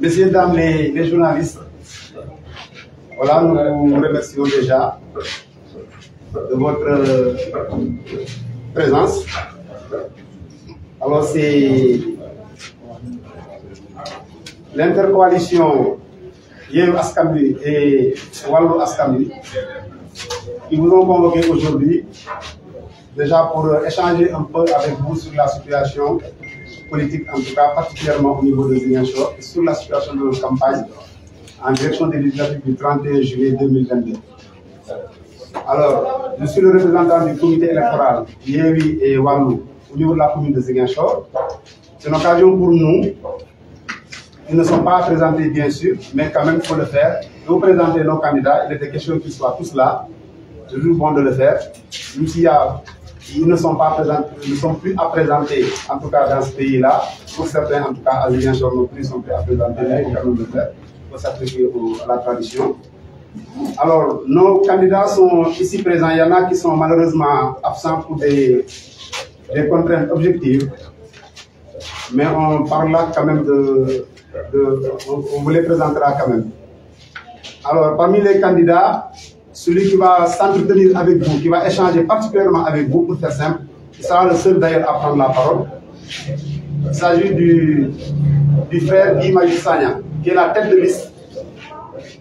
Messieurs, dames, les, les, journalistes, voilà, nous vous remercions déjà de votre euh, présence. Alors, c'est l'intercoalition Yem Askambi et Walou Askambi, qui vous ont convoqué aujourd'hui, déjà pour échanger un peu avec vous sur la situation politique, en tout cas particulièrement au niveau de Ziguinchor, et sur la situation de nos campagne en direction des législatives du 31 juillet 2022. Alors, je suis le représentant du comité électoral Yévi et Walou au niveau de la commune de Ziguinchor. C'est une occasion pour nous ils ne sont pas présentés, bien sûr, mais quand même, il faut le faire. Nous présenter nos candidats, il était question qu'ils soient tous là. C'est toujours bon de le faire. Même y a ils ne sont pas présentés, ne sont plus à présenter, en tout cas dans ce pays-là. Pour certains, en tout cas, à l'Union sont plus à présenter, mais ils le faire pour s'appliquer à la tradition. Alors, nos candidats sont ici présents. Il y en a qui sont malheureusement absents pour des contraintes objectives. Mais on parle là quand même de on, vous les présentera quand même. Alors, parmi les candidats, celui qui va s'entretenir avec vous, qui va échanger particulièrement avec vous, pour faire simple, sera le seul d'ailleurs à prendre la parole. Il s'agit du, du, frère Guy Sanya qui est la tête de liste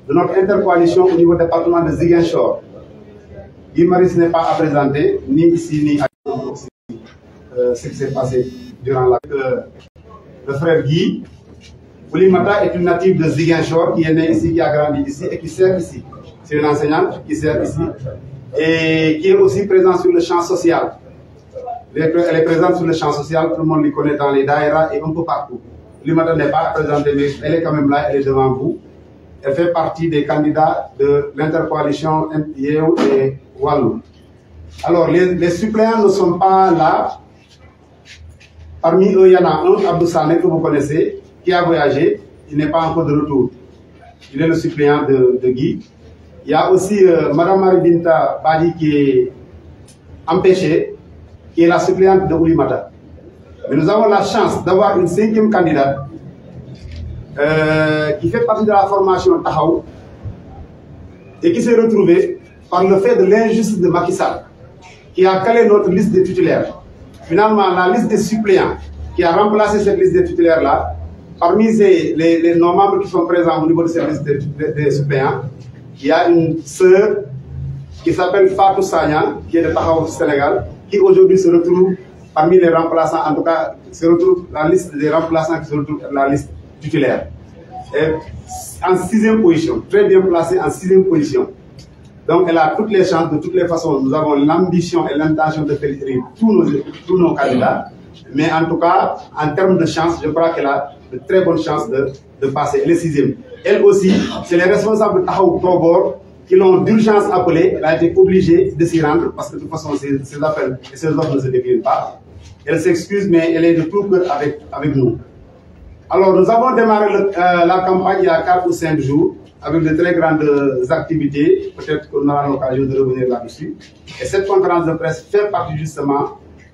de notre intercoalition au niveau département de Ziguinchor. Guy Maris n'est pas à présenter, ni ici, ni à euh, ce qui s'est passé durant la... Euh, le frère Guy Oulimata est une native de Ziguinchor qui est née ici, qui a grandi ici et qui sert ici. C'est une enseignante qui sert ici et qui est aussi présente sur le champ social. Elle est présente sur le champ social, tout le monde les connaît dans les daïras et un peu partout. Oulimata n'est pas présente, mais elle est quand même là, elle est devant vous. Elle fait partie des candidats de l'intercoalition NPO e et Wallou. Alors, les, suppléants ne sont pas là. Parmi eux, il y en a un, Abdou Sané, que vous connaissez, qui a voyagé, il n'est pas encore de retour. Il est le suppléant de, Guy. Il y a aussi euh, Madame Marie-Binta Badi qui est empêchée, qui est la suppléante de Oulimata. Mais nous avons la chance d'avoir une cinquième candidate euh, qui fait partie de la formation Tahaou et qui s'est retrouvée par le fait de l'injustice de Macky qui a calé notre liste de titulaires. Finalement, la liste des suppléants qui a remplacé cette liste de titulaires-là Parmi les, les, membres qui sont présents au niveau du service des, des, suppléants, il y a une sœur qui s'appelle Fatou Sanyan, qui est de au Sénégal, qui aujourd'hui se retrouve parmi les remplaçants, en tout cas, se retrouve la liste des remplaçants qui se retrouvent la liste titulaire. Et en sixième position, très bien placée en sixième position. Donc elle a toutes les chances, de toutes les façons, nous avons l'ambition et l'intention de faire tous nos, tous nos candidats. Mais en tout cas, en termes de chance, je crois qu'elle a de très bonnes chances de, de passer. Elle est sixième. Elle aussi, c'est les responsables de Tahaou qui l'ont d'urgence appelée. Elle a été obligée de s'y rendre parce que de toute façon, ses, appels et ses offres ne se déclinent pas. Elle s'excuse, mais elle est de tout cœur avec, avec nous. Alors, nous avons démarré euh, la campagne il y a 4 ou 5 jours avec de très grandes activités. Peut-être qu'on aura l'occasion de revenir là-dessus. Et cette conférence de presse fait partie justement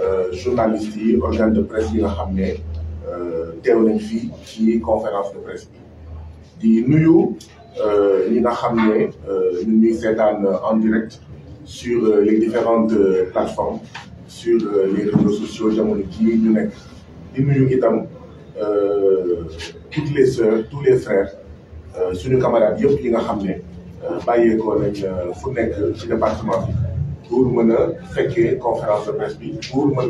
Euh, journalistes organe de presse qui est euh, conférence de presse euh, en direct sur les différentes plateformes sur les réseaux sociaux jamono ñu di toutes les sœurs tous les frères suñu camarades qui nga département pour conférence de presse pour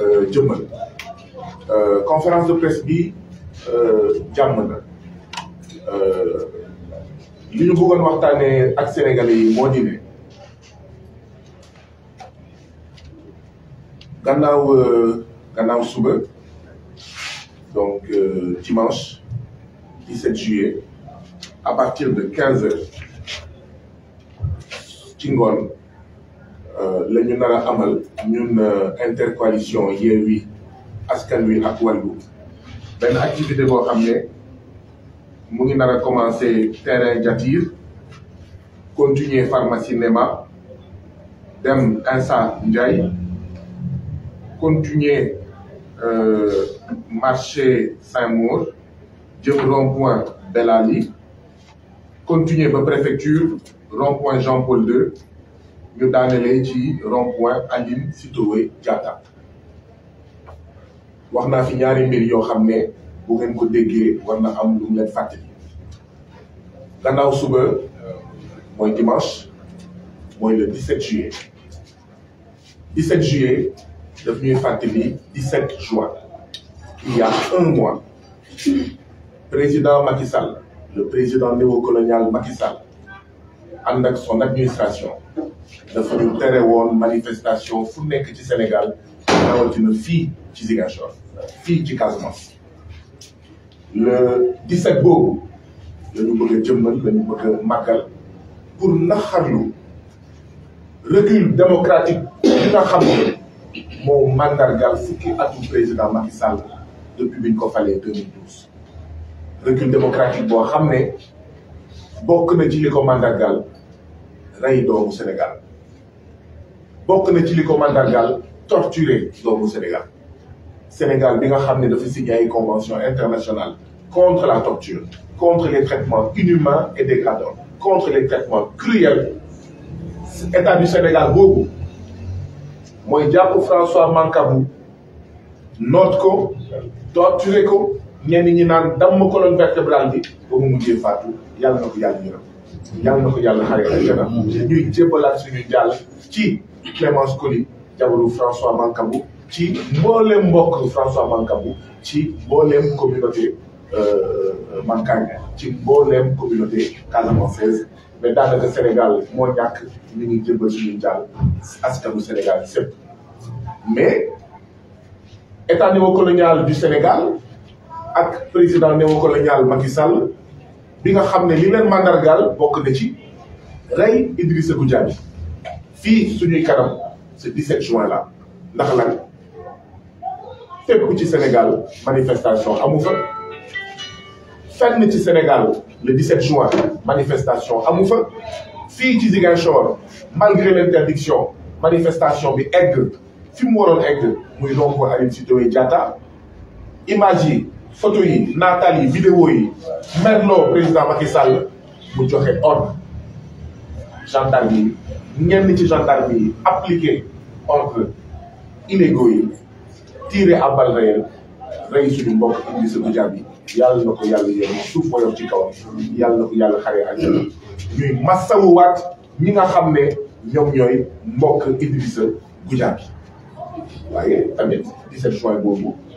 euh, La euh, conférence de presse bi euh, euh, ñu sénégalais yi euh, donc dimanche 17 juillet à partir de 15 h euh, la ñu nar amal ñun euh, intercoalition hier askan wi ak wàllu benn activité de xam nous mu ngi terrain Diatir continuer pharmacie dem Insa Ndiaye continuer euh, marché Saint-Maur jëm rond-point Bellali continuer ba préfecture rond-point Jean-Paul II ñu daanelee ci rond point Aline Sitoé Diata. wax naa fi ñaari mbir yoo xam ne bu ngeen ko déggee war na am lu mu leen gannaaw suba mooy dimanche mooy le 17 juillet 17 juillet daf ñuy fàttali 17 juin il y a un mois président Macky Sall le président néocolonial Macky Sall avec son administration le ñu tere manifestation fu nekk ci Sénégal rawatina fii ci Ziguinchor fii ci Casamance le 17 boobu la ñu bëgg a jëmmal la ñu bëgg a pour naxarlu recul démocratique bi mon xam ne moo mandargal fukki président Macky Sall depuis bi ko 2012 recul démocratique boo xam ne bokk na ci li ko rey doomu Sénégal bokk na ci li ko mandargaal torturé doomu Sénégal Sénégal bi nga xam ne dafa signé convention internationale contre la torture contre les traitements inhumains et dégradants contre les traitements cruels état du Sénégal boobu mooy jàpp François Mancabou noot ko torturer ko ñenn ñi naan damm colonne vertébrale bi ba mu mujjee faatu yàlla na ko yàlla ñu yàlla na ko yàlla xaree àjjana ñuy jébbalaat suñu jàll ci Clémence Coly jabaru François Mancabou ci mbooleem mbokk François Mancabou ci mbooleem communauté euh, euh, Mankagne ci mbooleem communauté casamançaise mais daanaka Sénégal moo ñàkk ñu ngi jébbal suñu jàll askanu Sénégal sépp mais état néocolonial du Sénégal ak président néocolonial Macky Sall bi nga xam ne li leen mandargaal bokk na ci Idrissa ce 17 juin là ndax ci manifestation ci Sénégal le 17 juin manifestation ci malgré l'interdiction manifestation bi egg fi mu egg muy Diatta photo yi nataal yi vidéo yi merloo président Macky Sall mu joxe ordre gendarme yi ñenn ci gendarme yi appliqué ordre illégaux yi tiré à balles réelles rey suñu mbokk Idrissa Goudiaby yàlla na ko yàlla yéen suuf woyof ci kaw yàlla na ko yàlla xaree àjjana ñuy massawuwaat nga xam ne ñoom ñooy mbokk Idrissa Goudiaby tamit 17 juin boobu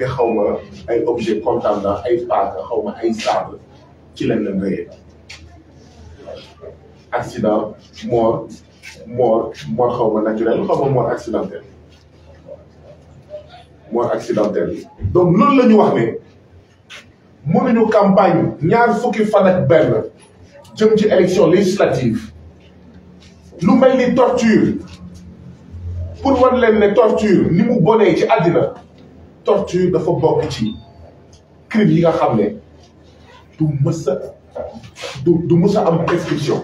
te xaw ma ay objet contendant ay paaka xaw ma ay sable ci lañ la reyee accident mort mort mort xaw ma naturel xaw ma mort accidentel mort accidentel donc loolu la ñu wax ne mënuñu campagne ñaar fukki fan ak benn jëm ci élection législative lu mel ni torture pour wan leen ne torture ni mu bonee ci àddina torture dafa bokk ci crime yi nga xam ne du mës a du du mës a am prescription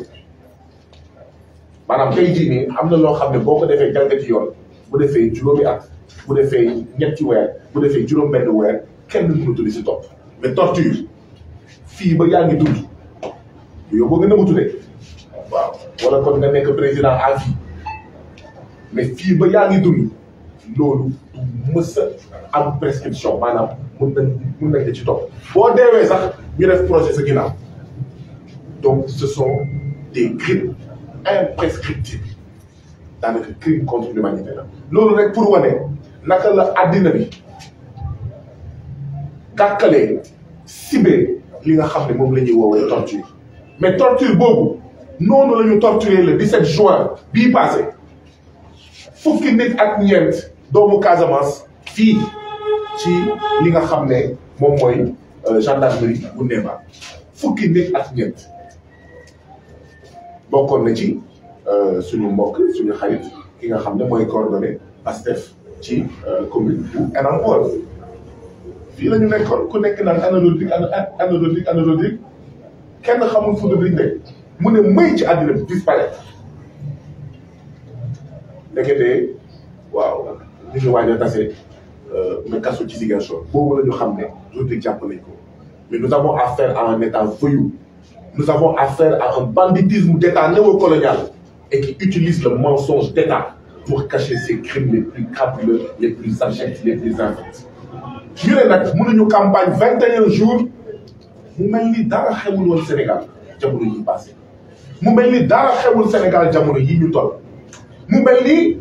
maanaam tey jii am na loo xam ne boo ko defee jalgati yoon bu defee juróomi at bu defee ñetti weer bu defee juróom-benn weer kenn mënatu di si topp mais torture fii ba yaa ngi dund yow boo gën a mutu de waaw wala kon nga nekk président à vie mais fii ba yaa ngi dund. loolu du mës a prescription maanaam mun nañ mun ci topp boo deewee sax ñu def projet sa ginnaaw donc ce sont des crimes imprescriptibles dans le crime contre l'humanité la loolu rek pour woné naka la adina bi gàkkalee sibé li nga xamné mom lañuy la ñuy torture mais torture bobu nonu la torturer le 17 juin bi passé fukki nit ak ñeent doomu Casamance fii ci li nga xam ne moom mooy euh, gendarmerie bu Ndéba fukki nit ak ñett bokkoon na ci euh, suñu mbokk suñu xarit ki nga xam ne mooy coordonné Pastef ci euh, commune bu Enampol fii la ñu nekkoon ku nekk naan ana Rodrigue ana Rodrigue kenn xamul fu Rodrigue nekk mu ne may ci àddina bi disparaître waaw Euh, mais nous avons affaire à un état voyou nous avons affaire à un banditisme d'état néocolonial et qui utilise le mensonge d'état pour cacher ses crimes les plus crapuleux les plus abjects les plus infects ñu nous mënuñu campagne 21 jours Nous sommes dans le xewul Nous Sénégal nous le passé mu sommes dans le Sénégal nous sommes dans le Sénégal.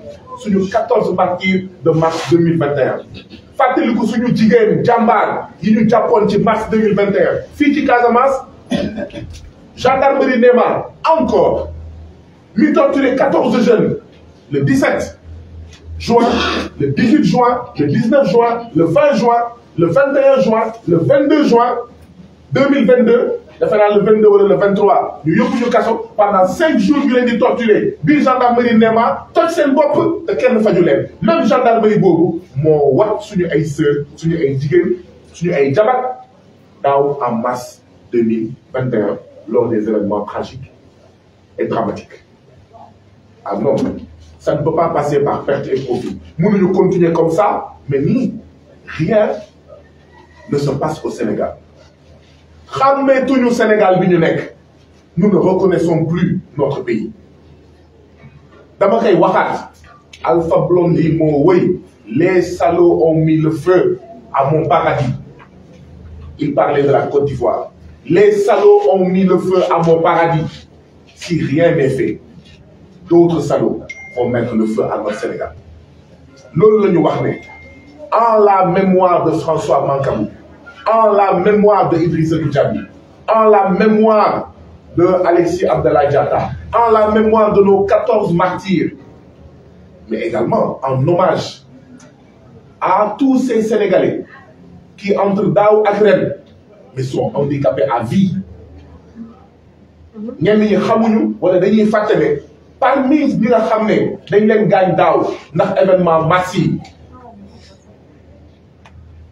14 14 de mars 2021. Fatil suñu mars 2021. Fiji, Kazamas, gendarmerie Néma encore lui torturé 14 jeunes le 17 juin le 18 juin le 19 juin le 20 juin le 21 juin le 22 juin 2022 le 22 wala le 23 ñu yóbbu ñu kaso pendant 5 jours ñu leen di torturer biir gendarmerie ne ma toj seen bopp te kenn faju leen même gendarmerie boobu moo wat suñu ay sœur suñu ay jigéen suñu ay jabat daaw en masse 2021 lors des événements tragiques et dramatiques ah non ça ne peut pas passer par perte et profit mënuñu continuer comme ça mais nii rien ne se passe au Sénégal nous ne reconnaissons plus notre pays D'abord, Alpha Blondy les salauds ont mis le feu à mon paradis il parlait de la Côte d'Ivoire les salauds ont mis le feu à mon paradis si rien n'est fait d'autres salauds vont mettre le feu à notre Sénégal Nous la nous en la mémoire de François Mankamou, en la mémoire de Idriss en la mémoire de Alexis Abdallah en la mémoire de nos 14 martyrs, mais également en hommage à tous ces Sénégalais qui, entre Dao à mais sont handicapés à vie. dit parmi les nga dañ leen nous événement massif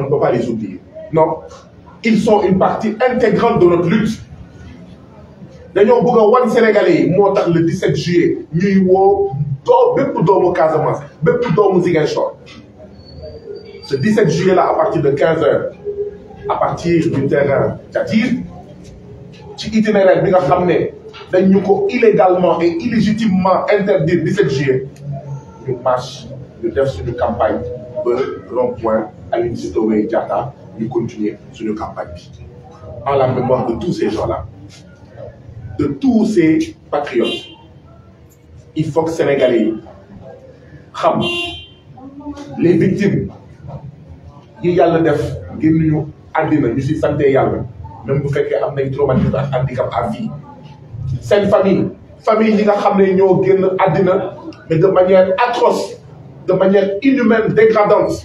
on ne peut pas les oublier. Non, ils sont une partie intégrante de notre lutte. dañoo bëgg wan Sénégalais le 17 juillet ñuy avons beaucoup bépp doomu Casamance doomu ce 17 juillet là à partir de 15 h à partir du terrain Tchatir ci itinéraire bi nga xam dañ ñu illégalement et illégitimement interdire 17 juillet nous marche nous def une campagne ba rond-point Aline Sitoé Diata nous continuer suñu campagne bi en la mémoire de tous ces gens-là de tous ces patriotes il faut que sénégalais yi xam les victimes yi yàlla def génn ñu Adina, ñu si sante même bu y am nañ traumatisme un handicap à vie famille famille qui nga xam ne ñoo mais de manière atroce de manière inhumaine dégradante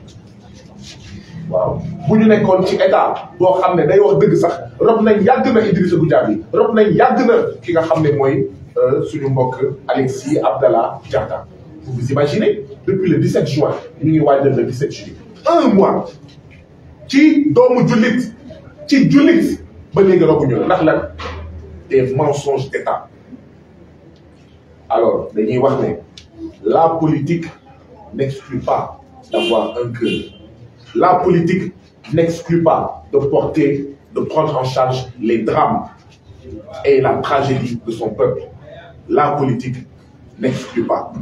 waaw bu ñu nekkoon ci état boo xam ne day wax dëgg sax rob nañ yàgg na Idrissa Goudiaby rob nañ yag na ki nga xam ne mooy euh, suñu mbokk Alexis Abdallah Diatta vous vous imaginez depuis le 17 juin ñu ngi waajal le 17 juillet un mois ci doomu jullit ci jullit ba léegi robuñu la ndax lan des mensonges d'état alors dañuy wax ne la politique n'exclut pas d'avoir un cœur la politique n'exclut pas de porter, de prendre en charge les drames et la tragédie de son peuple. La politique n'exclut pas.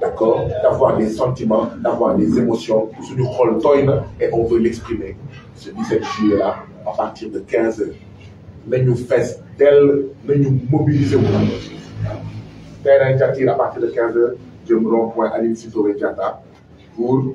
D'accord D'avoir des sentiments, d'avoir des émotions. C'est du rôle et on veut l'exprimer. Ce 17 juillet-là, à partir de 15h, nous faisons tel, nous mobilisons. Terrain à partir de 15h, je me rends point à l'Institut pour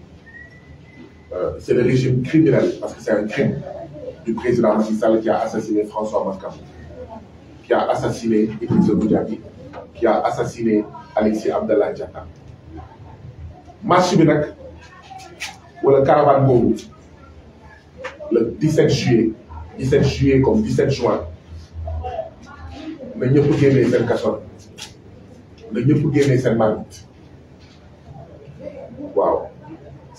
Euh, c'est le régime criminel, parce que c'est un crime du président Macky qui a assassiné François Mascafou, qui a assassiné Idriss Boudjabi, qui a assassiné Alexis Abdallah Diatta. Marche bi le le caravane boobu le 17 juillet 17 juillet comme 17 juin na gagner cette seen kason na pouvons gagner cette màggit Waouh!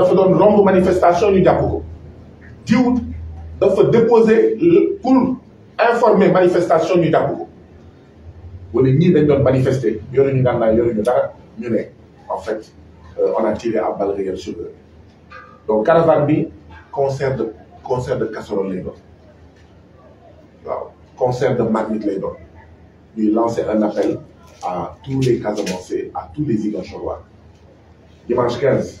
dafa doon romb manifestation ñu jàpp ko diw déposer pour informer manifestation ñu jàpp ko wala ñii dañ manifester yore ñu daan yore dara en fait euh, on a tiré à balles réelles sur eux donc caravane bi concert de concert de casserole lay doon waaw concert de magnit lay doon ñuy lancer un appel à tous les avancés, à tous les Ziguinchorois dimanche 15.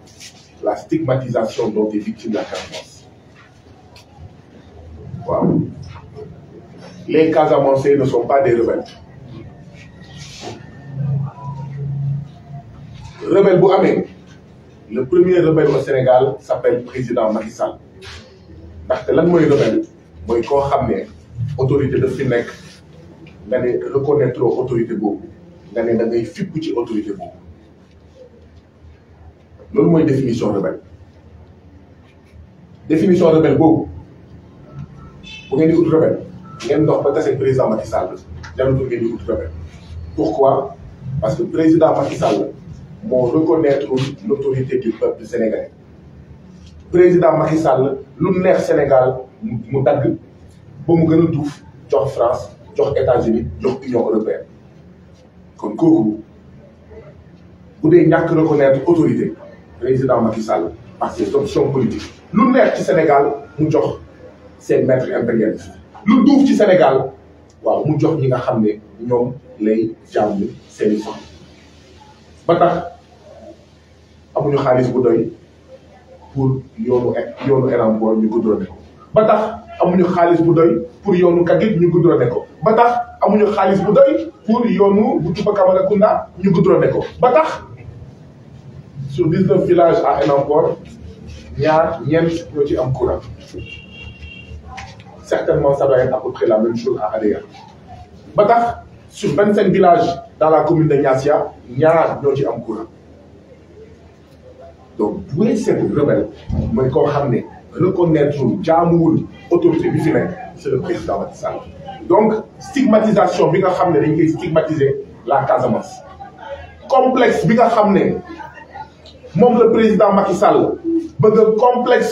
la stigmatisation dont est victime la Les cas Les avancés ne sont pas des rebelles. Rebelle Bouhamé, le premier rebelle au Sénégal s'appelle président Marissal. Sall. que lan mooy rebelle mooy koo xam autorité de fi nekk reconnaître autorité boobu nga da ngay de ci avons une définition rebelle définition rebelle boobu bu ngeen Vous avez rebelle ngeen dox ba le président Macky Sall Vous avez di ut rebelle pourquoi parce que le président Macky Sall reconnaître l'autorité du peuple sénégalais président Macky Sall lu neex Sénégal mu dagg ba mu gën a jox France jox États-Unis jox Union européenne Comme kooku bu dee reconnaître autorité président Macky Sall par ses options politique lu ci Sénégal mu jox maître impérialiste lu duuf ci Sénégal waaw mu jox ñi nga xam ne lay ba tax pour yonu yoonu Elamboor ñu goudronné neko ba tax amuñu pour yoonu Kagit e, ñu goudronné neko ba tax amuñu pour yoonu bu Tuba kunda ñu sur 19 villages à Enampor y a a ci de courant certainement ça va être à peu près la même chose à Adéa. Mais sur 25 villages dans la commune de Nyasia, il y ci am courant donc est cette rebelle Vous koo reconnaître jaamuwul autorité du c'est le président Macky donc stigmatisation vous nga xam dañ stigmatiser la Casamance complexe vous nga mom le président Macky Sall bëgg complexe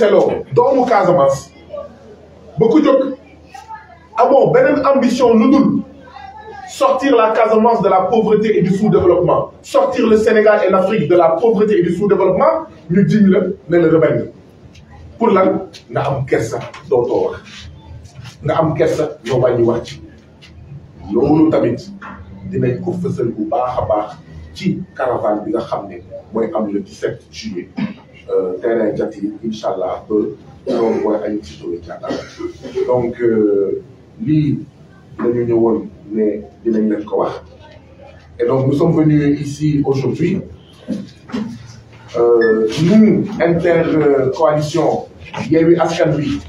complexé loo doomu Casamance ba ku jóg amoo beneen ambition lu sortir la Casamance de la pauvreté et du sous-développement sortir le Sénégal et l'Afrique de la pauvreté et du sous-développement ñu jiñ la le la pour lan nga am kersa dootoo wax nga am kersa ñoo wàññi wax ci loolu tamit dinañ ko fësal bu baax baax qui caravane de la xam ne le 17 juillet euh, terrain Jati incha Inch'Allah, ba loolu à ay tuto jàngal donc euh, lui, la ñu mais il dinañ leen pas et donc nous sommes venus ici aujourd'hui euh, nous intercoalition a eu Askanoui,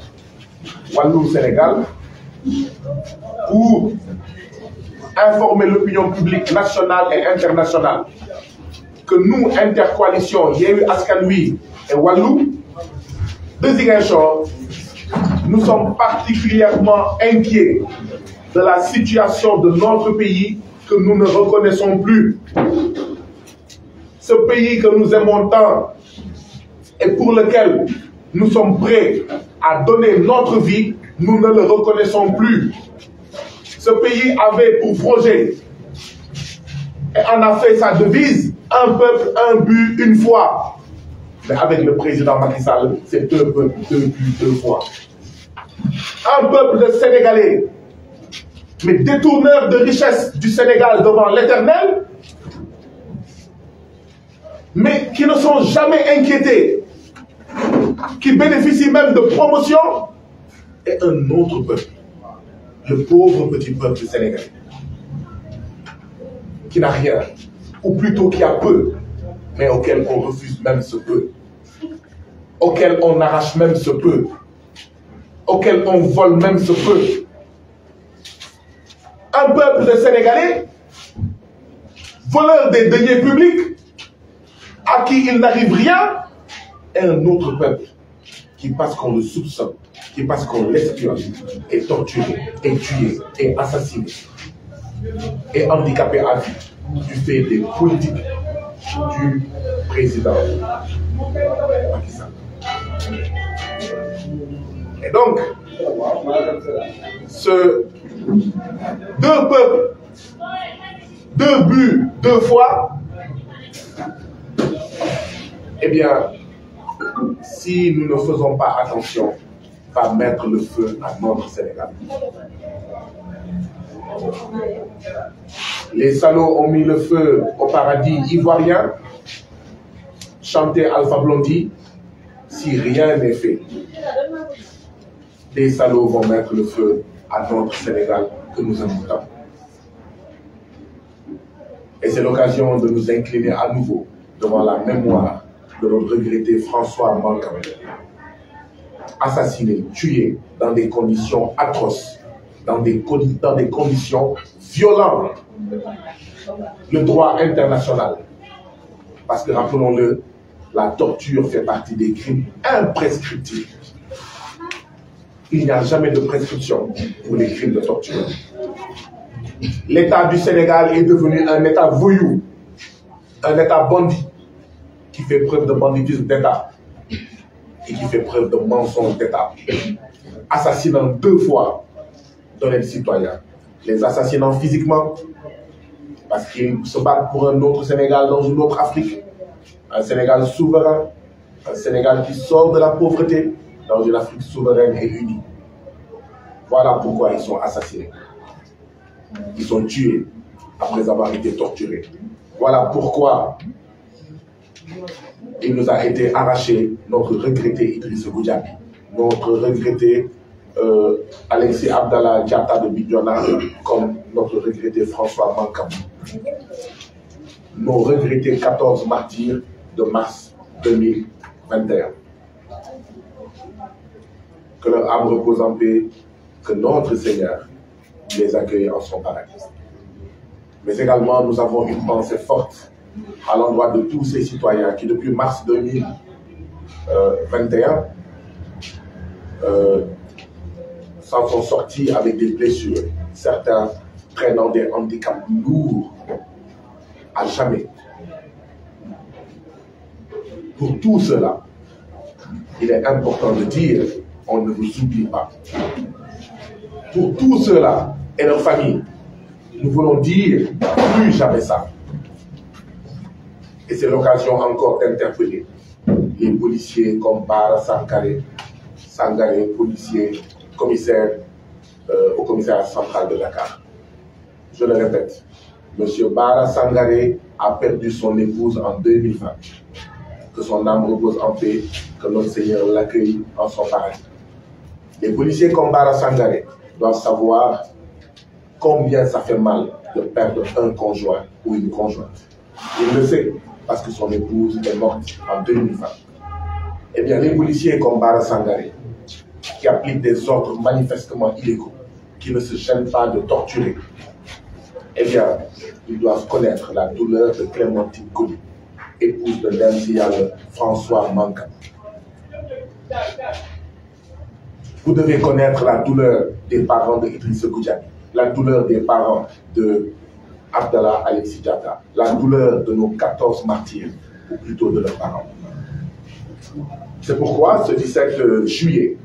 Wallou, Sénégal pour informer l'opinion publique nationale et internationale que nous, intercoalition Yéhu Askanoui et Wallou, de nous sommes particulièrement inquiets de la situation de notre pays que nous ne reconnaissons plus. Ce pays que nous aimons tant et pour lequel nous sommes prêts à donner notre vie, nous ne le reconnaissons plus. Ce pays avait pour projet, et en a fait sa devise, un peuple, un but, une fois. Mais avec le président Macky c'est deux peuples, deux buts, deux fois. Un peuple de Sénégalais, mais détourneur de richesses du Sénégal devant l'éternel, mais qui ne sont jamais inquiétés, qui bénéficient même de promotion, et un autre peuple le pauvre petit peuple sénégalais, qui n'a rien, ou plutôt qui a peu, mais auquel on refuse même ce peu, auquel on arrache même ce peu, auquel on vole même ce peu. Un peuple de Sénégalais, voleur des deniers publics, à qui il n'arrive rien, et un autre peuple qui, passe qu'on le soupçonne, qui, parce qu'on l'espionne, est torturé, est tué, est assassiné, est handicapé à vie du fait des politiques du président Pakistan. Et donc, ce deux peuples, deux buts, deux fois, eh bien, si nous ne faisons pas attention, va mettre le feu à notre Sénégal. Les salauds ont mis le feu au paradis ivoirien, Chanter Alpha Blondie, si rien n'est fait. Les salauds vont mettre le feu à notre Sénégal que nous aimons tant. Et c'est l'occasion de nous incliner à nouveau devant la mémoire de notre regretté François Mancamé assassinés, tués dans des conditions atroces, dans des, des conditions violentes. Le droit international. Parce que rappelons-le, la torture fait partie des crimes imprescriptibles. Il n'y a jamais de prescription pour les crimes de torture. L'État du Sénégal est devenu un État voyou, un État bandit, qui fait preuve de banditisme d'État qui fait preuve de mensonge d'État, assassinant deux fois dans les citoyen, les assassinant physiquement parce qu'ils se battent pour un autre Sénégal dans une autre Afrique, un Sénégal souverain, un Sénégal qui sort de la pauvreté dans une Afrique souveraine et unie. Voilà pourquoi ils sont assassinés. Ils sont tués après avoir été torturés. Voilà pourquoi il nous a été arraché notre regretté Idriss Goudjabi, notre regretté euh, Alexis Abdallah Diata de Bidjana, comme notre regretté François Mankam. Nos regrettés 14 martyrs de mars 2021. Que leur âme repose en paix, que notre Seigneur les accueille en son paradis. Mais également, nous avons une pensée forte à l'endroit de tous ces citoyens qui, depuis mars 2021, euh, euh, s'en sont sortis avec des blessures, certains prenant des handicaps lourds à jamais. Pour tout cela, il est important de dire, on ne vous oublie pas. Pour tout cela et nos familles, nous voulons dire plus jamais ça. Et c'est l'occasion encore d'interpeller les policiers comme Bara Sankaré, Sangaré, policier, commissaire euh, au commissaire central de Dakar. Je le répète, M. Bara Sangaré a perdu son épouse en 2020. Que son âme repose en paix, que notre Seigneur l'accueille en son paradis. Les policiers comme Bara Sangaré doivent savoir combien ça fait mal de perdre un conjoint ou une conjointe. Il le sait, parce que son épouse est morte en 2020. Eh bien, les policiers comme Bara Sangaré, qui appliquent des ordres manifestement illégaux, qui ne se gênent pas de torturer, eh bien, ils doivent connaître la douleur de Clémentine Colli, épouse de l'indial François Manka. Vous devez connaître la douleur des parents de Idriss Koudjani, la douleur des parents de Abdallah Ali la douleur de nos 14 martyrs, ou plutôt de leurs parents. C'est pourquoi ce 17 juillet,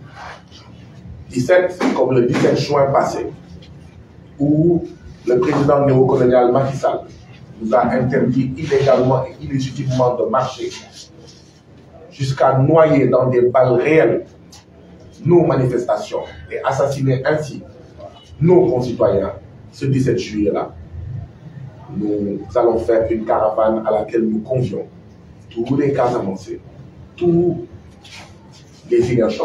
17 comme le 17 juin passé, où le président néocolonial Macky Sall nous a interdit illégalement et illégitimement de marcher jusqu'à noyer dans des balles réelles nos manifestations et assassiner ainsi nos concitoyens ce 17 juillet-là nous allons faire une caravane à laquelle nous convions tous les cas avancés, tous les en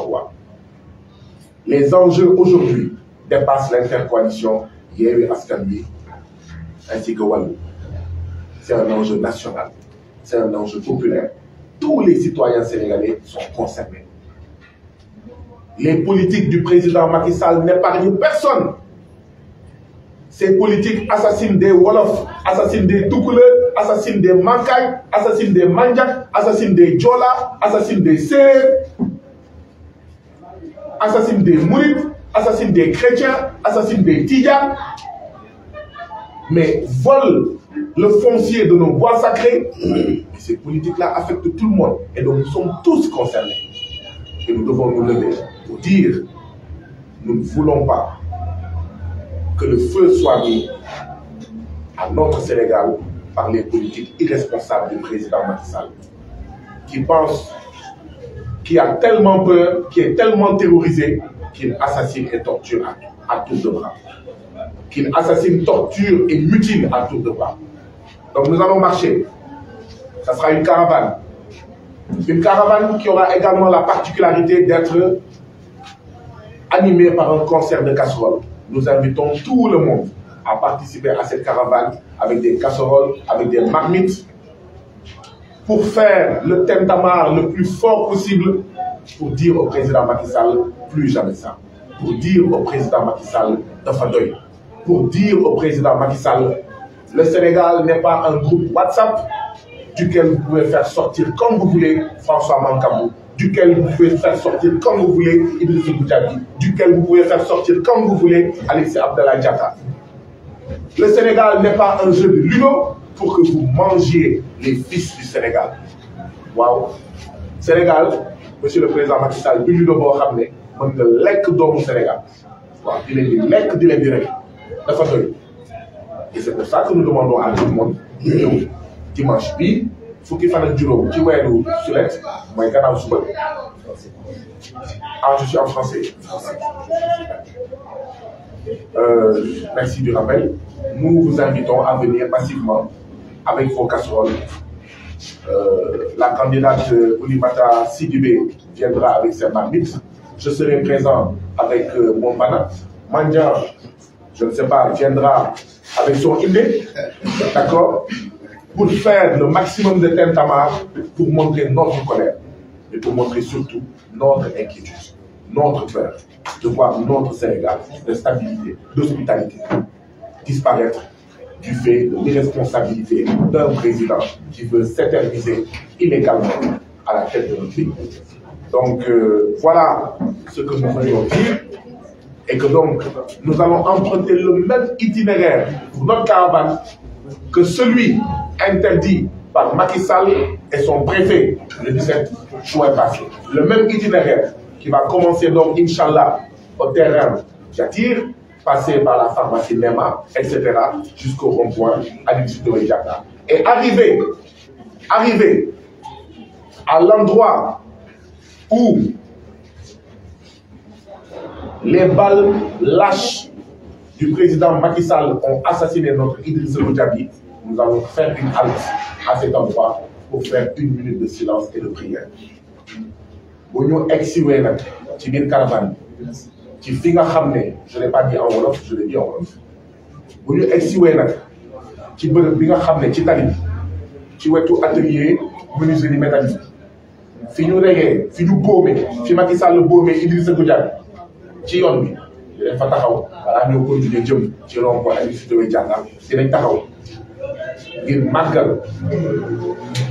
Les enjeux aujourd'hui dépassent l'intercoalition Yéhu Askanoui ainsi que Wallou. C'est un enjeu national, c'est un enjeu populaire. Tous les citoyens sénégalais sont concernés. Les politiques du président Macky Sall n'épargnent personne ces politiques assassinent des Wolofs, assassinent des Toukouleux, assassinent des Mankai, assassinent des Mandjak, assassinent des Djola, assassinent des Sérères, assassinent des Mourites, assassinent des chrétiens, assassinent des Tidjans, mais volent le foncier de nos bois sacrés. ces politiques-là affectent tout le monde. Et donc nous sommes tous concernés. Et nous devons nous lever pour dire, nous ne voulons pas que le feu soit mis à notre Sénégal par les politiques irresponsables du président Macky qui pense, qui a tellement peur, qui est tellement terrorisé, qu'il assassine et torture à, tout tour de bras, qu'il assassine, torture et mutine à tour de bras. Donc nous allons marcher. Ça sera une caravane. Une caravane qui aura également la particularité d'être animée par un concert de casseroles nous invitons tout le monde à participer à cette caravane avec des casseroles, avec des marmites, pour faire le Tentamar le plus fort possible pour dire au président Macky Sall plus jamais ça. Pour dire au président Macky Sall d'Afadoy. Pour dire au président Macky Sall le Sénégal n'est pas un groupe WhatsApp duquel vous pouvez faire sortir comme vous voulez François Mankamou duquel vous pouvez faire sortir comme vous voulez Idrissa Goudiaby, duquel vous pouvez faire sortir comme vous voulez Alexis Abdallah Diatta. Le Sénégal n'est pas un jeu de l'UNO pour que vous mangiez les fils du Sénégal. Waouh Sénégal, monsieur le président Macky Sall, du l'UNO boo xam ne mën nga lekk Sénégal waaw Il est Le lekk di et c'est pour ça que nous demandons à tout le monde dimanche bii ah, je suis en français euh, merci du rappel nous vous invitons à venir massivement avec vos casseroles euh, la candidate Oulimata Sidibé viendra avec ses marmites je serai présent avec euh, mon bana Mandia je ne sais pas viendra avec son idée d'accord pour faire le maximum de tentamars pour montrer notre colère, et pour montrer surtout notre inquiétude, notre peur de voir notre Sénégal de stabilité, d'hospitalité disparaître du fait de l'irresponsabilité d'un président qui veut s'éterniser illégalement à la tête de notre pays. Donc euh, voilà ce que nous voulons dire et que donc nous allons emprunter le même itinéraire pour notre caravane que celui interdit par Macky Sall et son préfet le 17 juin passé. Le même itinéraire qui va commencer donc, Inch'Allah, au terrain Jatir, passer par la pharmacie Nema, etc., jusqu'au rond-point à l'issue de Et arriver, arriver à l'endroit où les balles lâchent du président Macky Sall ont assassiné notre Idriss Moudjabi, nous allons faire une halte à cet endroit pour faire une minute de silence et de prière. Nous ñu exiwee nag ci biir caravane ci fi nga ne je l'ai pas dit en wolof je l'ai dit en wolof bu ñu exiwee qui ci le bi nga qui est ci tali ci wetu atelier menuiserie métallique fi ñu regee fi ñu boomee fi Macky Sall boomee Idrissa Moudjabi, ci yoon bi dinañ fa taxaw balaa ñoo continuer jëm ci rond-point ak université jàngal dinañ taxaw ngir màggal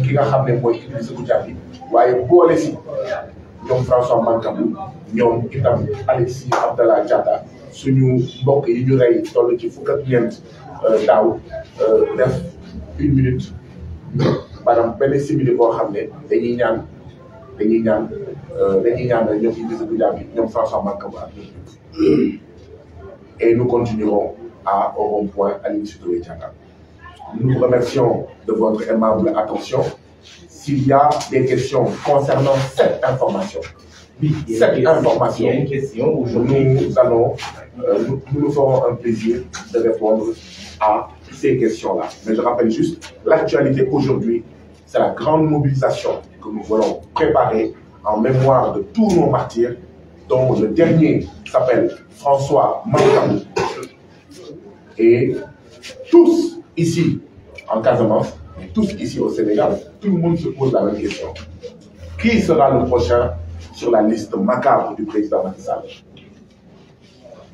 ki nga xam ne mooy Idrissa Goudiaby waaye boole si ñoom François Mancabou ñoom itam Alexis Abdallah Diatta suñu mbokk yi ñu rey toll ci fukk ak ñeent euh, daaw euh, def une minute maanaam benn simili boo xam ne dañuy ñaan dañuy ñaan euh, dañuy ñaan ñoom Idrissa Goudiaby ñoom François Mancabou ak Euh, et nous continuerons à au rond-point à l'Institut Nous vous remercions de votre aimable attention. S'il y a des questions concernant cette information, cette information, Nous, allons, euh, nous, nous ferons un plaisir de répondre à ces questions-là. Mais je rappelle juste, l'actualité aujourd'hui, c'est la grande mobilisation que nous voulons préparer en mémoire de tous nos martyrs dont le dernier s'appelle François Mankam. Et tous ici, en Casamance, tous ici au Sénégal, tout le monde se pose la même question. Qui sera le prochain sur la liste macabre du président Macky Sall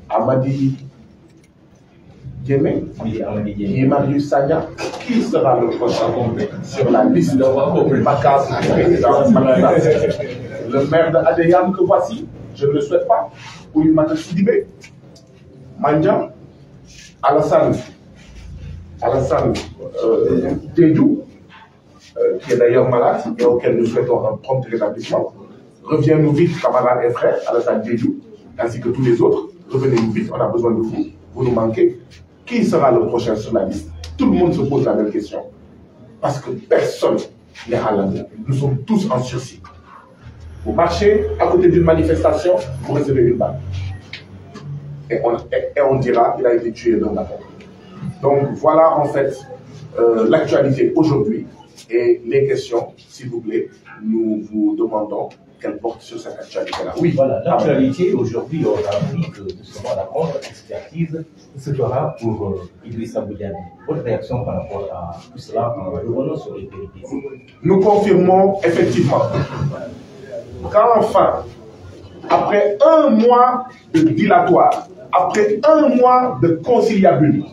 Amadi Djemé, Oui, Marius Sanya qui sera le prochain sur la liste macabre du président Macky Le maire de Adéane que voici, je ne le souhaite pas, ou une m'a Sidibé, à Alassane, Alassane euh, euh, qui est d'ailleurs malade et auquel nous souhaitons un prompt rétablissement. Reviens-nous vite, camarades et frères, Alassane Dédou, ainsi que tous les autres. Revenez-nous vite, on a besoin de vous, vous nous manquez. Qui sera le prochain journaliste Tout le monde se pose la même question. Parce que personne n'est à Nous sommes tous en sursis. Vous marchez à côté d'une manifestation, vous recevez une balle. Et on, dira qu'il a été tué dans la porte. Donc voilà en fait euh, l'actualité aujourd'hui et les questions, s'il vous plaît, nous vous demandons qu'elles portent sur cette actualité-là. Oui. Voilà, l'actualité aujourd'hui, on a appris que justement la contre-expertise se fera pour euh, Idrissa Votre réaction par rapport à tout cela sur les Nous confirmons effectivement enfin, après un mois de dilatoire, après un mois de conciliabule,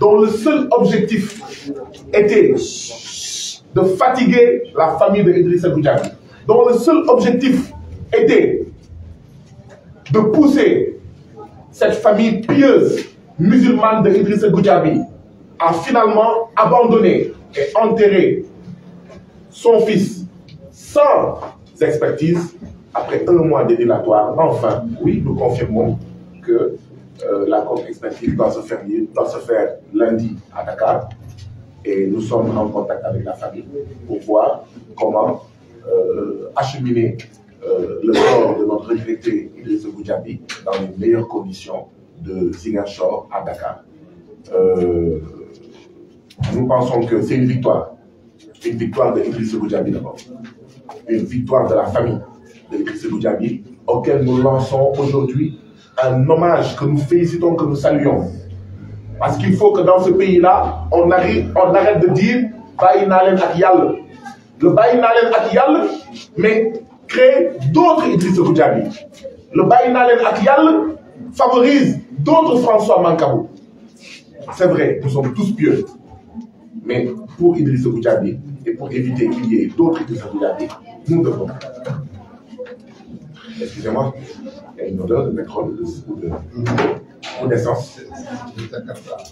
dont le seul objectif était de fatiguer la famille de Idrissa Goudjabi, dont le seul objectif était de pousser cette famille pieuse musulmane de Idrissa Goudjabi à finalement abandonner et enterrer son fils sans expertise, après un mois de dilatoire, enfin, oui, nous confirmons que euh, la expertise doit se, faire, se faire lundi à Dakar. Et nous sommes en contact avec la famille pour voir comment euh, acheminer euh, le corps de notre regretté Idriss Goudjabi dans les meilleures conditions de signature à Dakar. nous pensons que c'est une victoire une victoire de l'Église Goudjabi d'abord. Une victoire de la famille de l'Église Goudjabi, auquel nous lançons aujourd'hui un hommage que nous félicitons, que nous saluons. Parce qu'il faut que dans ce pays-là, on, arrête de dire Baïnalen Akial. Le Baïnalen Akial, mais crée d'autres Idriss Goudjabi. Le Baïnalen Akial favorise d'autres François Mankabou. C'est vrai, nous sommes tous pieux. Mais pour Idriss Goudjabi, et pour éviter qu'il y ait d'autres qui nous devons. Excusez-moi, il y a une odeur de métro ou de, Connaissance.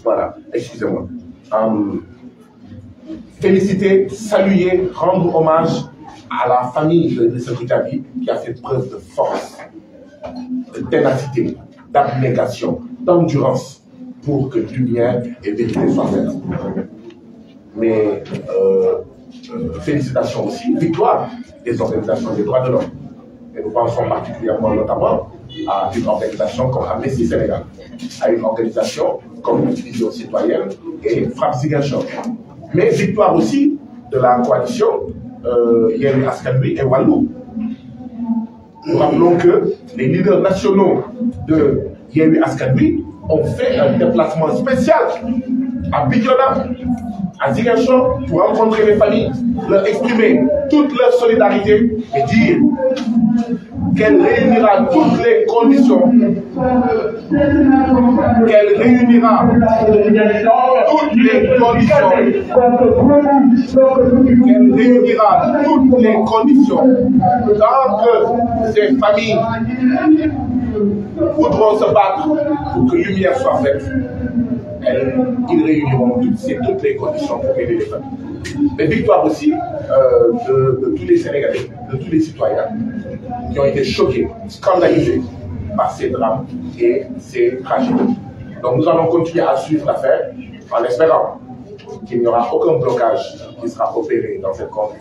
Voilà, excusez-moi. Hum, féliciter, saluer, rendre hommage à la famille de, de qui a fait preuve de force, de ténacité, d'abnégation, d'endurance pour que l'Union et vérité soient faites. Mais euh, euh, félicitations aussi, victoire des organisations des droits de l'homme. Et nous pensons particulièrement notamment à une organisation comme Amnesty Sénégal, à une organisation comme Vision citoyenne et Frappe Mais victoire aussi de la coalition euh, Yéli et Wallou. Nous rappelons que les leaders nationaux de Yéli Askanoui ont fait un déplacement spécial à Bidjola, à Direction, pour rencontrer les familles, leur exprimer toute leur solidarité et dire qu'elle réunira toutes les conditions, qu'elle réunira toutes les conditions, qu'elle réunira toutes les conditions tant que ces familles voudront se battre pour que lumière soit faite ils réuniront toutes, toutes les conditions pour aider les femmes. Mais victoire aussi euh, de, tous les Sénégalais, de tous les citoyens qui ont été choqués, scandalisés par ces drames et ces tragédies. Donc nous allons continuer à suivre l'affaire en espérant qu'il n'y aura aucun blocage qui sera opéré dans cette grande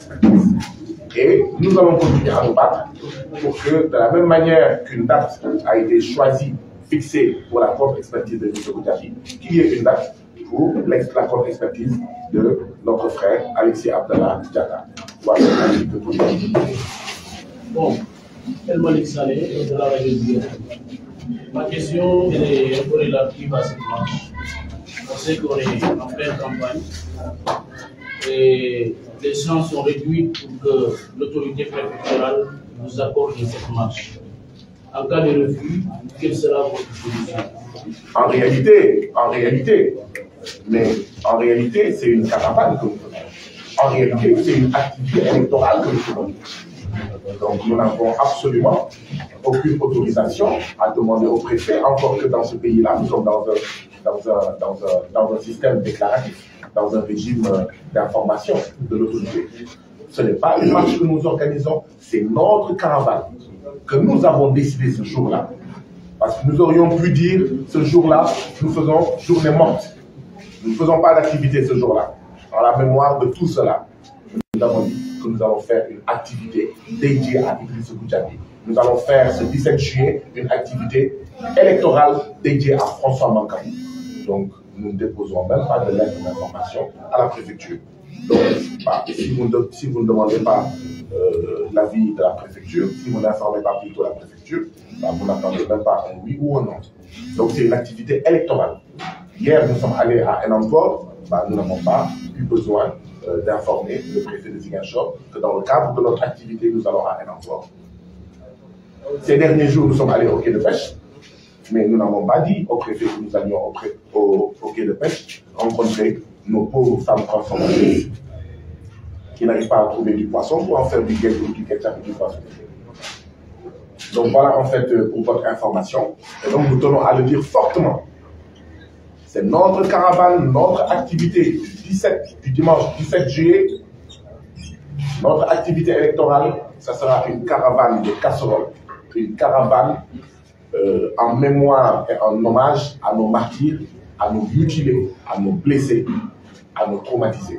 Et nous allons continuer à nous battre pour que, de la même manière qu'une date a été choisie Fixé pour la propre expertise de M. qu'il y ait une date pour la propre expertise de notre frère Alexis Abdallah Djaka. Voilà de politique. Bon, tellement Malik de la région. Ma question est relative à cette marche. On sait qu'on est en pleine campagne et les chances sont réduites pour que l'autorité préfectorale nous accorde cette marche en cas de refus, quelle sera votre En réalité, en réalité, mais en réalité, c'est une caravane que nous En réalité, c'est une activité électorale que nous faisons. Donc nous n'avons absolument aucune autorisation à demander au préfet, encore que dans ce pays-là, nous sommes dans un, dans un, système déclaratif, dans un régime d'information de l'autorité. Ce n'est pas une marche que nous organisons, c'est notre caravane que nous avons décidé ce jour-là. Parce que nous aurions pu dire, ce jour-là, nous faisons journée morte. Nous ne faisons pas d'activité ce jour-là. Dans la mémoire de tout cela, nous avons dit que nous allons faire une activité dédiée à Idriss Goudjabi. Nous allons faire ce 17 juillet une activité électorale dédiée à François Mankani. Donc, nous ne déposons même pas de lettre d'information à la préfecture. Donc, bah, si, vous ne, demandez pas euh, l'avis de la préfecture, si vous n'informez pas plutôt la préfecture, bah, vous n'attendez même pas un oui ou un non. Donc, c'est une activité électorale. Hier, nous sommes allés à un bah, nous n'avons pas eu besoin euh, d'informer le préfet de Ziguinchor que dans le cadre de notre activité, nous allons à encore Ces derniers jours, nous sommes allés au quai de pêche, mais nous n'avons pas dit au préfet que nous allions au, au quai de pêche rencontrer nos pauvres femmes transformées qui n'arrivent pas à trouver du poisson pour en faire du ou du ketchup, du poisson. Donc voilà en fait euh, pour votre information. Et donc nous tenons à le dire fortement. C'est notre caravane, notre activité du, 17, du dimanche 17 juillet. Notre activité électorale, ça sera une caravane de casseroles, une caravane euh, en mémoire et en hommage à nos martyrs à nous mutiler, à nous blesser, à nous traumatiser.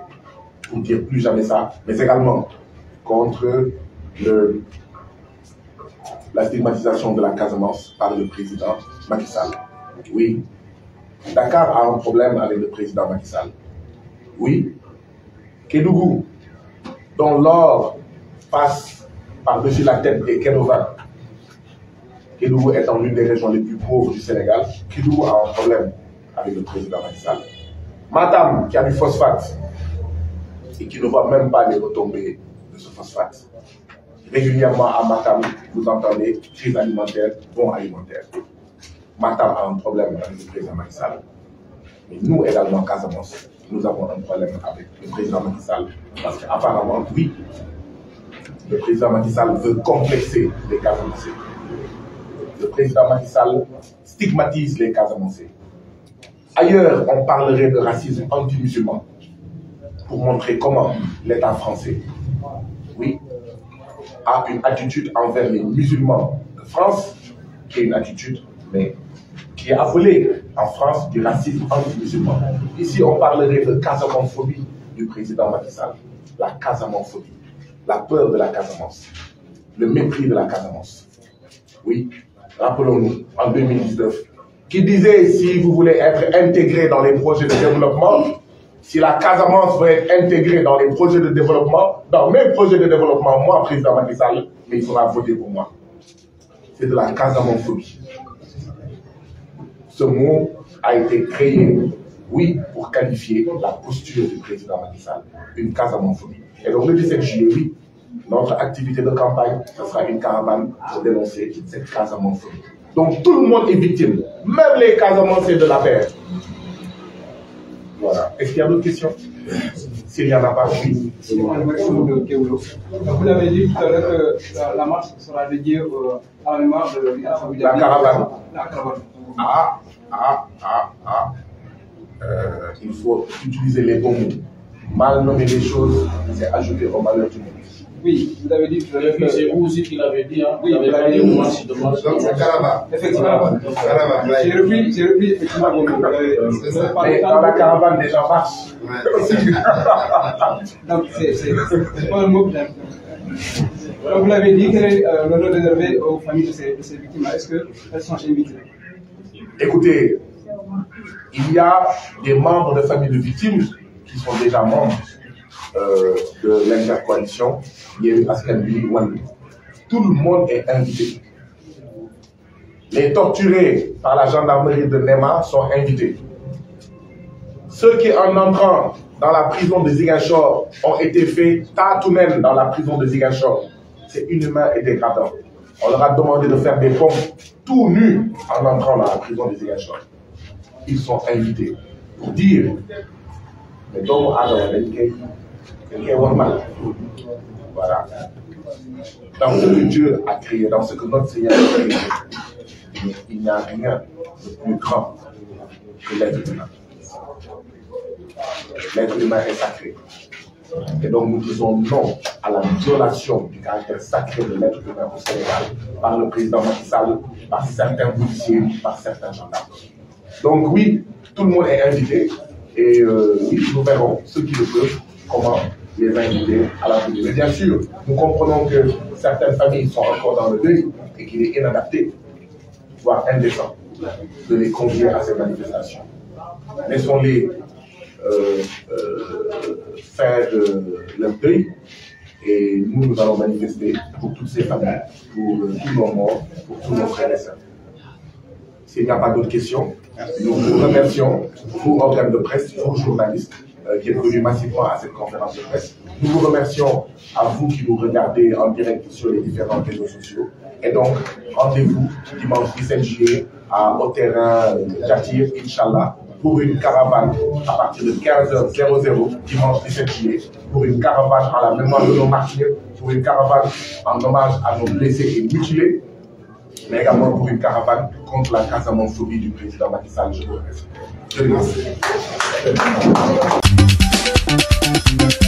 Pour dire plus jamais ça, mais également contre la stigmatisation de la Casamance par le président Macky Sall. Oui, Dakar a un problème avec le président Macky Sall. Oui, Kédougou, dont l'or passe par-dessus la tête des Kedougou est en l'une des régions les plus pauvres du Sénégal, Kédougou a un problème avec le président Macky Madame qui a du phosphate et qui ne voit même pas les retombées de ce phosphate. Régulièrement à Matam, vous entendez crise alimentaire, bon alimentaire. Matam a un problème avec le président Macky Mais nous également, Casamance, nous avons un problème avec le président Macky Parce qu'apparemment, oui, le président Macky veut complexer les Casamancés. Le président Macky stigmatise les Casamancés. Ailleurs, on parlerait de racisme anti-musulman pour montrer comment l'État français, oui, a une attitude envers les musulmans de France, qui est une attitude, mais qui est volé en France du racisme anti-musulman. Ici, on parlerait de casamophobie du président Macky La casamophobie la peur de la casamance, le mépris de la casamance. Oui, rappelons-nous, en 2019, qui disait si vous voulez être intégré dans les projets de développement, si la Casamance veut être intégrée dans les projets de développement, dans mes projets de développement, moi, président Macky mais il faudra voter pour moi. C'est de la casamophobie. Ce mot a été créé, oui, pour qualifier la posture du président Macky Sall, une casamophobie. Et donc le 17 juillet, notre activité de campagne, ce sera une caravane pour dénoncer cette casamophobie. Donc tout le monde est victime, même les c'est de la paix. Voilà. Est-ce qu'il y a d'autres questions S'il n'y en a pas, oui. Vous l'avez dit tout à l'heure que la marche sera dédiée euh, à la mémoire de la caravane. La caravane. Ah, ah, ah, ah. Euh, il faut utiliser les bons mots. Mal nommer les choses, c'est ajouter au malheur du monde. Oui, vous avez dit que euh, C'est vous aussi qui l'avez dit. Hein. Oui, vous l'avez dit. Moi, si dommage. Donc, c'est Caravan. Effectivement. J'ai repris, j'ai repris effectivement euh, C'est ça. la caravane, déjà marche. Donc, c'est pas un mot Donc, vous l'avez dit, que est euh, réservé aux familles de ces, victimes Est-ce qu'elles sont victimes Écoutez, il y a des membres de familles de victimes qui sont déjà membres euh, de l'intercoalition, eu Askanbi Wandi. Tout le monde est invité. Les torturés par la gendarmerie de Nema sont invités. Ceux qui, en entrant dans la prison de Zigachor, ont été faits même dans la prison de Zigachor, c'est inhumain et dégradant. On leur a demandé de faire des pompes tout nus en entrant dans la prison de Zigachor. Ils sont invités pour dire, mais voilà dans ce que Dieu a créé dans ce que notre Seigneur a créé il n'y a rien de plus grand que l'être humain l'être humain est sacré et donc nous disons non à la violation du caractère sacré de l'être humain au Sénégal par le président Macky par certains policiers, par certains gendarmes. Donc oui, tout le monde est invité et euh, nous verrons ceux qui le peuvent comment les invités à la Mais Bien sûr, nous comprenons que certaines familles sont encore dans le deuil et qu'il est inadapté, voire indécent, de les conduire à ces manifestations. Laissons-les euh, euh de faire leur deuil et nous, nous allons manifester pour toutes ces familles, pour euh, tous nos morts, pour tous nos frères et sœurs. S'il n'y a pas d'autres questions, nous remercions, vos organes de presse, vous journalistes, euh, qui est venu massivement à cette conférence de presse. Nous vous remercions à vous qui nous regardez en direct sur les différents réseaux sociaux. Et donc, rendez-vous dimanche 17 juillet à, au terrain Jatir, Inch'Allah, pour une caravane à partir de 15h00, dimanche 17 juillet, pour une caravane à la mémoire de nos martyrs, pour une caravane en hommage à nos blessés et mutilés, mais également pour une caravane contre la casamanphobie du président Macky Sall. Je vous Je vous remercie.